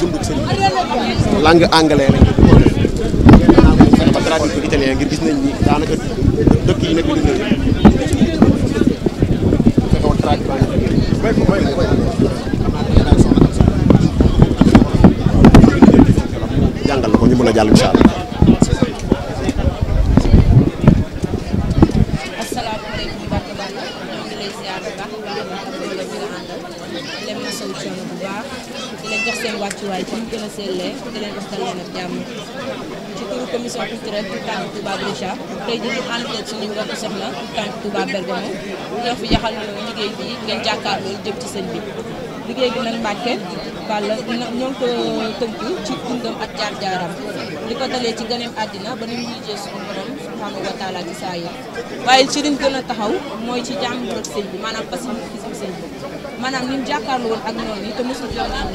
dunduk sëriñ bi langue anglais lañ ko def fexe ba traduire ko italien daanaka dëkk yi nekk dundal fexe jàngal na ko ñu mën a jàll incha allah di leen wax dalal ak jàmm ci turu commission culturelle pour Tank Touba Brescia tey jii ñu ci sëñ bi liggéey bi nag Mbàkke Balla ñoo ngi ko tënk ci dundam li ko dalee ci gëneem àddina ba ni mu mujjee suñu borom subhanahu wa taala ci saa yi waaye ci liñ gën a taxaw mooy ci jàmm ak sëñ bi maanaam pasi gis bu sëñ bi maanaam ni mu ak noonu yi te mosul yoon am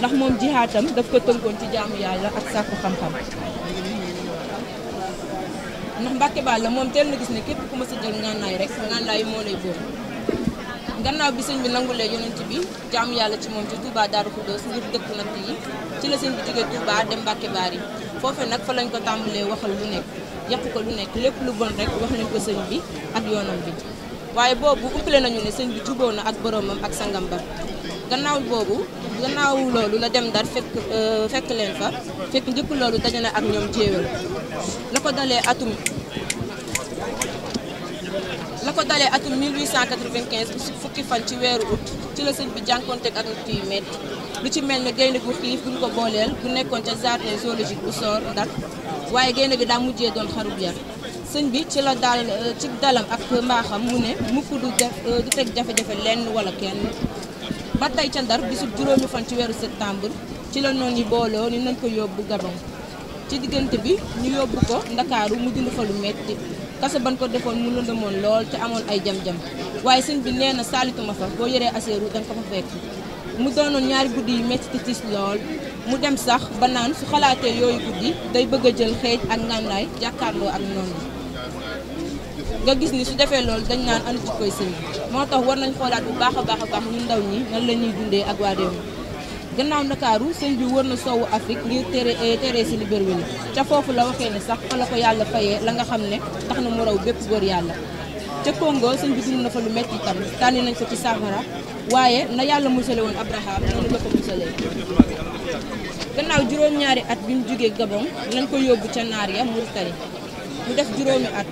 ndax moom jihaatam daf ko tënkoon ci jaamu yàlla ak sàkku xam-xam ndax Mbàkke la moom teel na gis ne képp ku ma sa jël ngànnaay rek ngànnaay moo lay bóor gannaaw bi sëñ bi nangulee yonent bi jaamu yàlla ci moom ci Touba Darou Khoudoss ngir dëkk natt yi ci la sëñ bi jógee Touba dem Mbàkke Baar yi foofe nag fa lañ ko tàmbalee waxal lu nekk yàq ko lu nekk lépp lu bon rek wax nañ ko sëñ bi ak yoonam bi waaye boobu umpale nañu ne sëñ bi juboo na ak boroomam ak sangam ba gannaaw boobu gannaaw loolu la dem Ndar fekk euh, fekk leen fa fekk njëkk loolu daje na ak ñoom jéewal la ko dalee atum la ko dalee atum 1895 ci fukki fan ci weeru ut ci la sëñ bi jànkonteeg ak nit yu métti lu ci mel ne gaynde gu xiif buñ ko booleel bu nekkoon ca jardin zoologique bu soor Ndar waaye gaynde bi daa mujjee doon xarub yar sëñ bi ci la daal euh, ci dalam ak mbaaxam mu ne mukk du def euh, du teg jafe-jafe lenn wala kenn ba tey ca Ndar bisub juróomi fan ci weeru septembre ci la noon yi booloo ni nañ ko yóbbu Gabon ci diggante bi ñu yóbbu ko Ndakaaru mu dund fa lu metti kasa ban ko defoon mu lëndëmoon lool te amoon ay jam-jam waaye sëñ bi nee na saalituma fa boo yoree aseeru danga ko fa fekk mu doonoon ñaari guddi yu metti te tiis lool mu dem sax ba naan su xalaatee yooyu guddi day bëgg a jël xeej ak ngànnaay jàkkaarloo ak noon bi nga gis ni su defee loolu dañ naan andi ci koy sëñ moo tax war nañ xoolaat bu baax a baax a baax ñun ndaw ñi nan la ñuy dundee ak waa réew mi gannaaw Ndakaaru sëñ bi wër na soowu Afrique ngir tere eh, tere si liber wi ca foofu la waxee ne sax fa a ko yàlla fayee la nga xam ne tax na mu raw bépp góor yàlla ca Congo sëñ bi dund na fa lu metti tam tànni nañ ko ci safara waaye na yàlla musale woon Abraham noonu la ko musalee gannaaw juróom-ñaari at bi mu jógee Gabon ko yóbbu ca naar ya Mauritanie mu def juróomi at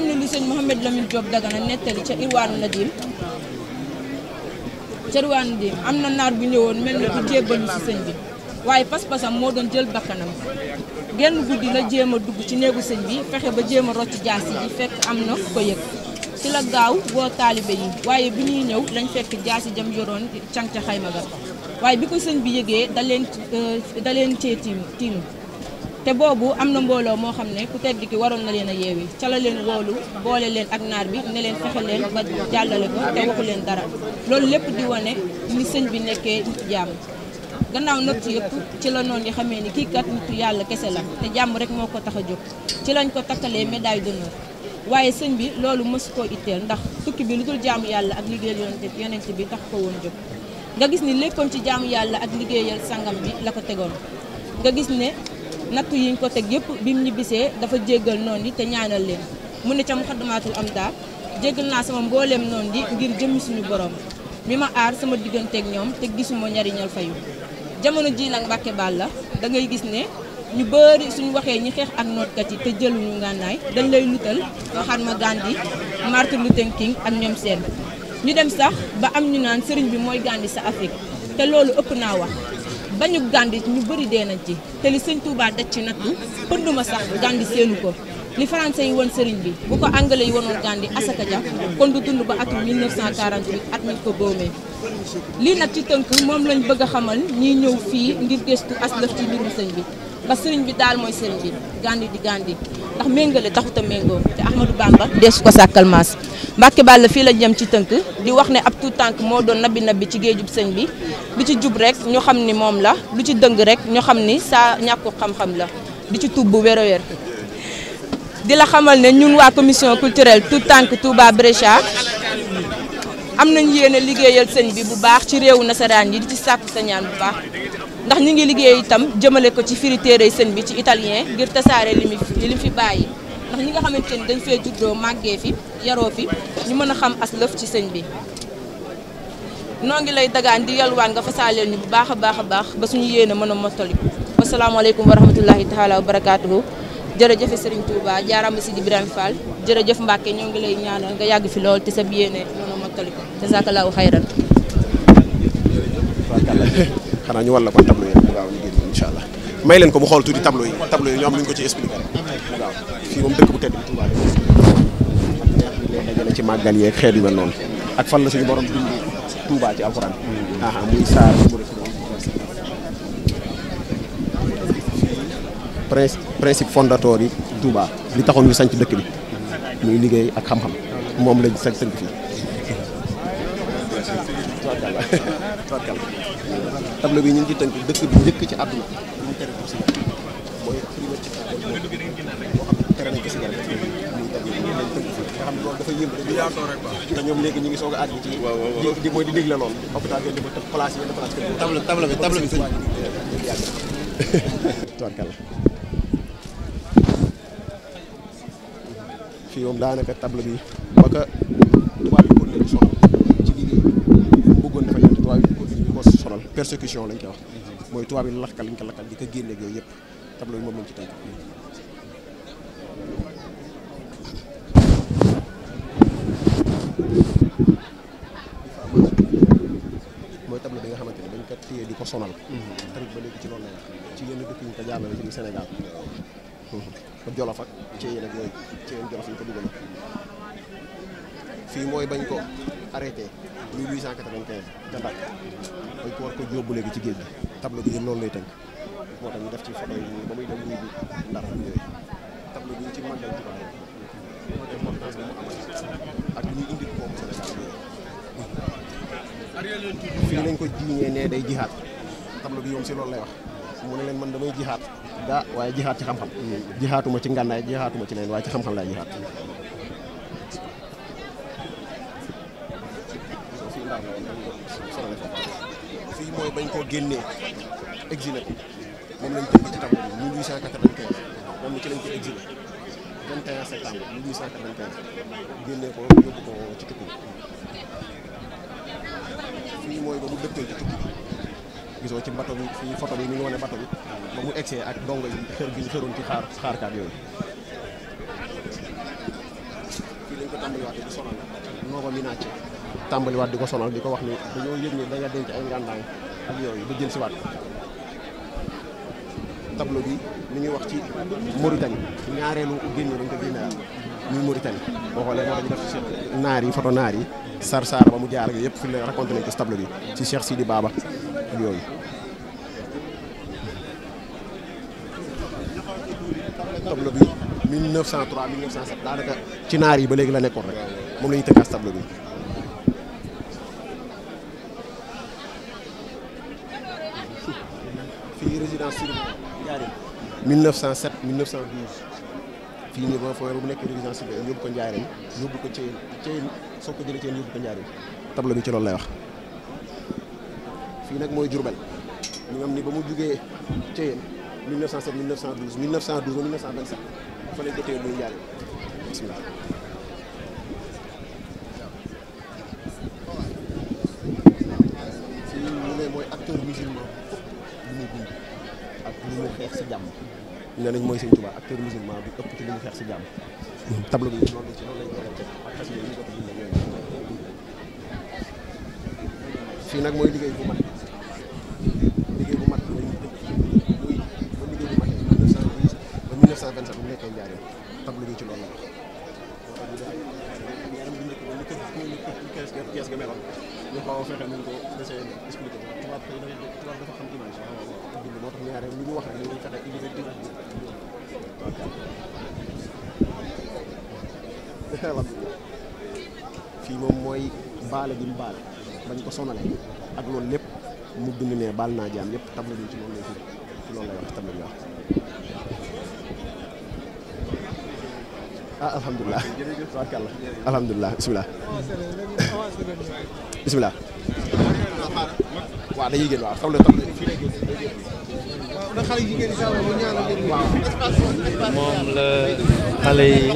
am na lu sëñ Mouhamed Lamine Diop Dagana nettali ca Irwaanu Nadim ca Irwaanu Nadim am na naar bu ñëwoon mel ni ku jébbalu si sëñ bi waaye pas-pasam moo doon jël bakkanam genn guddi la jéem a dugg ci néegu sëñ bi fexe ba jéem a rocc jaasi ji fekk am na ko yëg ci la gaaw boo taalibe yi waaye bi ñuy ñëw lañ fekk jaasi jam yoroon càng ca xayma ga waaye bi ko sëñ bi yëgee da leen euh, da leen te boobu am na mbooloo moo xam ne ku tedd ki waroon na leen a yeewi ca la leen woolu boole leen ak naar bi ne leen fexe leen ba jàllale ko te waxu leen dara loolu lépp di wane ni sëñ bi nekkee nit jàmm gannaaw natt yëpp ci la noon yi xamee ni kii kat nitu yàlla kese la te jàmm rek moo ko tax a jóg ci lañ ko takkalee médaille d'honneur waaye sëñ bi loolu mësu koo itteel ndax tukki bi lu dul jaamu yàlla ak liggéeyal yonent yonent bi tax ko woon jóg nga gis ni léppam ci jaamu yàlla ak liggéeyal sangam bi la ko tegoon natt yiñ ko teg yëpp bi mu ñibbisee dafa jéggal noonu yi te ñaanal leen mu ne ca Muxaddamaatul Amda jéggal naa sama mbooleem noonu yi ngir jëmmi suñu borom mi ma aar sama digganteeg ñoom te gisuma ñariñal fayu jamono ji nag Mbàkke baal la dangay gis ne ñu bëri suñu waxee ñi xeex ak nootkat yi te jëluñu ngànnaay dañ lay lutal waxaat ma Gandhi Martin Luther King ak ñoom seen ñu dem sax ba am ñu naan sëriñ bi mooy Gandhi sa Afrique te loolu ëpp naa wax bañu gàndi ñu bëri dee nañ ci te li sëñ Touba daj ci nattu ma sax gàndi seenu ko li français yi woon sëriñ bi bu ko anglais yi wonoon gàndi asaka ja kon du dund ba atum 1948 at mi ko boomee lii nag ci tënk moom lañ bëgg a xamal ñiy ñëw fii ngir gëstu aslëf ci mbirum sëñ bi ba sëriñ bi daal mooy sëriñ bi gandi di gandi ndax méngale taxut a méngoo te Ahmadou Bamba deesu ko sàkkal maas Mbàkke Bàll fii la jëm ci tënk di wax ne ab tout tànk moo doon nabbi nabbi ci géejub sëñ bi lu ci jub rek ñu xam ni moom la lu ci dëng rek ñu xam ni saa ñàkku xam-xam la di ci tuub bu wér a wér di la xamal ne ñun waa commission culturelle tout tànk Touba Brescia am nañ yéene liggéeyal sëñ bi bu baax ci réewu nasaraan yi di ci sàkku sa ñaan bu baax ndax ñu ngi liggéey itam jëmale ko ci firi téere seen bi ci italien ngir tasaare li mu li fi bàyyi ndax ñi nga xamante ni dañ fee juddoo màggee fi yaroo fi ñu mën a xam as lëf ci sëñ bi noo ngi lay dagaan di yalwaan nga fasaaleel ñu bu baax a baax a baax ba suñu yéene mën a mottali asalaamaaleykum wa rahmatullahi taala wa barakaatuhu jërëjëf Serigne Touba jaaraama Sidi Ibrahima Fall jëf mbàkke ñoo ngi lay ñaanal nga yàgg fi lool te sa yéene mën a mottali ko jazakallahu xanaa ñu war la ko tableau yi mu gaaw ñu génn incha allah may leen ko mu xool tuuti tableau yi tableau yi ñu am ko ci expliqué mu gaaw fii moom dëkk bu tedd bi Touba rek lay dajale ci màggal yeeg xeet yu mel noonu ak fan la suñu borom bind Touba ci alxuraan aha ah, muy saar principe fondateur yi Touba li taxoon ñu sanc dëkk bi muy liggéey ak xam-xam moom lañ sanc fii tableau bi ñu ngi ci tënk dëkk bi njëkk ci àdduna bi ñu mooy ci àdduna boo xam ne tere nañ ko cigarette nga xam ne loolu dafa yëm léegi ñu ngi soog a àgg ci di mooy di dégle loolu hôpital yooyu dafa tëb bi daanaka tableau bi baka persécution lañ koy wax mooy tubaab yi laxkal lañ ko laxkal di ko génneeg yooyu yëpp tableau yi moom lañ ci tënk. mooy tableau nga xamante ne dañ ko di ko sonal. Mm-hmm. tamit ba léegi ci loolu la wax ci yenn dëkk yi ñu ko jàllale ci Sénégal. jolof ak Thièyeen ak yooyu Thièyeen jolof yi ko dugal fii mooy bañ ko arrêté 1895 ca Ndar bañ ko war ko yóbbu léegi ci géej gi tableau bi yëpp loolu lay tënk moo tax ñu def ci photo yi ba muy dem ci màggal ak ñu indi lañ ko jiiñee ne day jihaat tableau bi ñoom si loolu lay wax mu ne leen man damay jihaat gaa waaye jixaat ci xam-xam jihaatuma ci ngànnaay jihaatuma ci leen waaye ci xam-xam laay jihaat fii mooy bañ koo génnee exilé ko moom lañ tënk ci tableau bi 1895 moom ci lañ ko exilé 21 septembre 1895 génnee ko yóbbu ko ci tukki fii mooy ba mu dëppee ci tukki gisoo ci bato bi fii photo bi mi ngi wane bato bi ba mu egsee ak ndongo yi xër bi ñu xëroon ci xaar xaarkat yooyu fii lañ ko tàmbaliwaat di ko sonal noo ko minacé tàmbaliwaat di ko sonal di ko wax ni dañoo yëg ni da nga denc ay ngàndaay yooyu ba jël si waat tableau bi wax ci Mauritanie ñaareelu génne dañ ko génne muy Mauritanie boo xoolee moo tax def naar yi foto naar yi sar sar ba mu jaar ak yëpp fi la raconté nañ ko ci tableau bi ci Cheikh ak yooyu. tableau bi 1903 1907 daanaka ci naar yi ba léegi la nekkoon rek moom la ñuy tëkkaas tableau bi. fii résidence sur Ndiarène 1907 1912 fii ñu ba fooy bu nekk résidence sur yóbbu ko Ndiarène yóbbu ko Thièl Thièl soo ko jëlee Thièl yóbbu ko Ndiarène tableau bi ci loolu lay wax. fii nag mooy Diourbel ñu nga xam ni ba mu jugee Thièyène 1907 1912 1912 ba 1927 fa lañ ko téye muy njaareem bisimilah. fii mu ne mooy acteur musulman bu muy dund ak lu muy xeex si jàmm. nee nañ mooy Sëñ Tuubaa acteur musulman bi ëpp ci lu muy xeex si jàmm. Mhm. tableau bi noonu la ci noonu lañ koy def ak fas yéene ñu ko fi dundee fii nag mooy liggéey bu mag. kees ga kees ga meloon ñu xaw ko desee expliqué tubaab tey tubaab dafa xam wax rek dañuy fexe indi moom mooy baale gi mu baale bañ ko sonale ak loolu lépp mu bind ne baal naa jaam yëpp tabla bi ci loolu ci loolu lay wax tabla bi wax ah alhamdulilah tabaarkalla alhamdulilah bisimilah bisimilah waaw dañuy génn waaw xam nga moom la xale yi.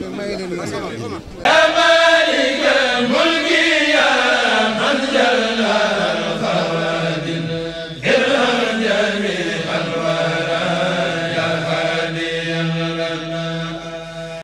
مالك الملك يا من جل